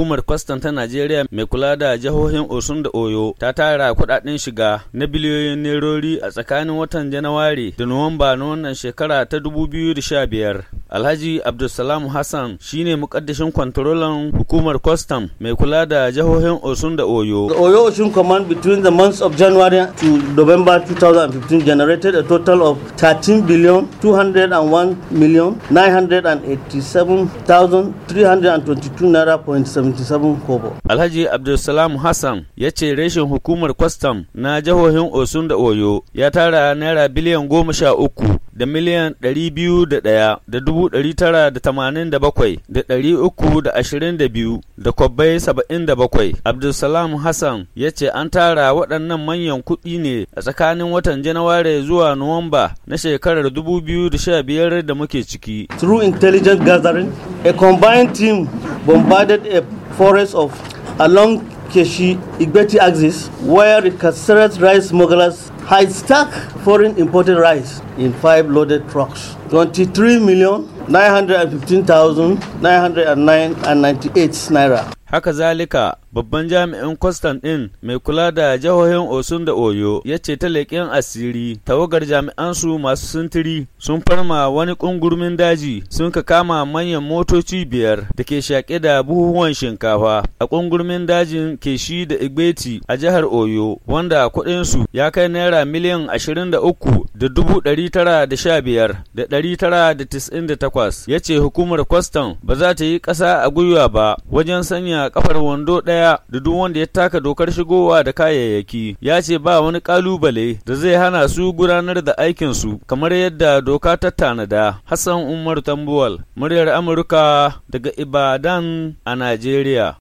Hukumar kwastan ta Najeriya mai kula da jihohin Osun da Oyo ta tara kudaden shiga na biliyoyin nerori a tsakanin watan Janairu da Nuwamba na wannan shekara ta 2015. Alhaji Abdulsalam Hassan shine mukaddishin kwantarolan hukumar custom mai kula da jihohin Osun da Oyo. The Oyo Osun command between the months of January to November 2015 generated a total of 13 billion 201 million 987,322 naira point 77 kobo. Alhaji Abdulsalam Hassan ya ce reshen hukumar custom na jihohin Osun da Oyo ya tara naira biliyan goma sha uku da miliyan biyu da da kwabbai 77. Abdulsalam Hassan ya ce an tara waɗannan manyan kuɗi ne a tsakanin watan Janairu zuwa Nuwamba na shekarar 2015 da muke ciki. Through intelligent gathering, a combined team bombarded a forest of along Keshi Igbeti axis where the Kaseret rice smugglers High stuck foreign imported rice in five loaded trucks. 23 million 915,998 naira. Haka zalika, babban jami'in kwastan ɗin mai kula da jihohin Osun da Oyo ya ce ta leƙen asiri, tawagar jami'an su masu sintiri sun farma wani ƙungurmin daji sun ka kama manyan motoci biyar da ke shaƙe da buhuhuwan shinkafa. A ƙungurmin dajin Keshi da Igbeti a jihar Oyo, wanda kuɗinsu ya kai naira miliyan ashirin da uku da dubu ɗari tara da sha biyar da ɗari tara da tis'in da takwas ya ce hukumar kwastam ba za ta yi ƙasa a gwiwa ba wajen sanya kafar wando ɗaya da duk wanda ya taka dokar shigowa da kayayyaki ya ce ba wani ƙalubale da zai hana su gudanar da aikinsu kamar yadda doka ta tanada hassan umar tambuwal muryar amurka daga ibadan a najeriya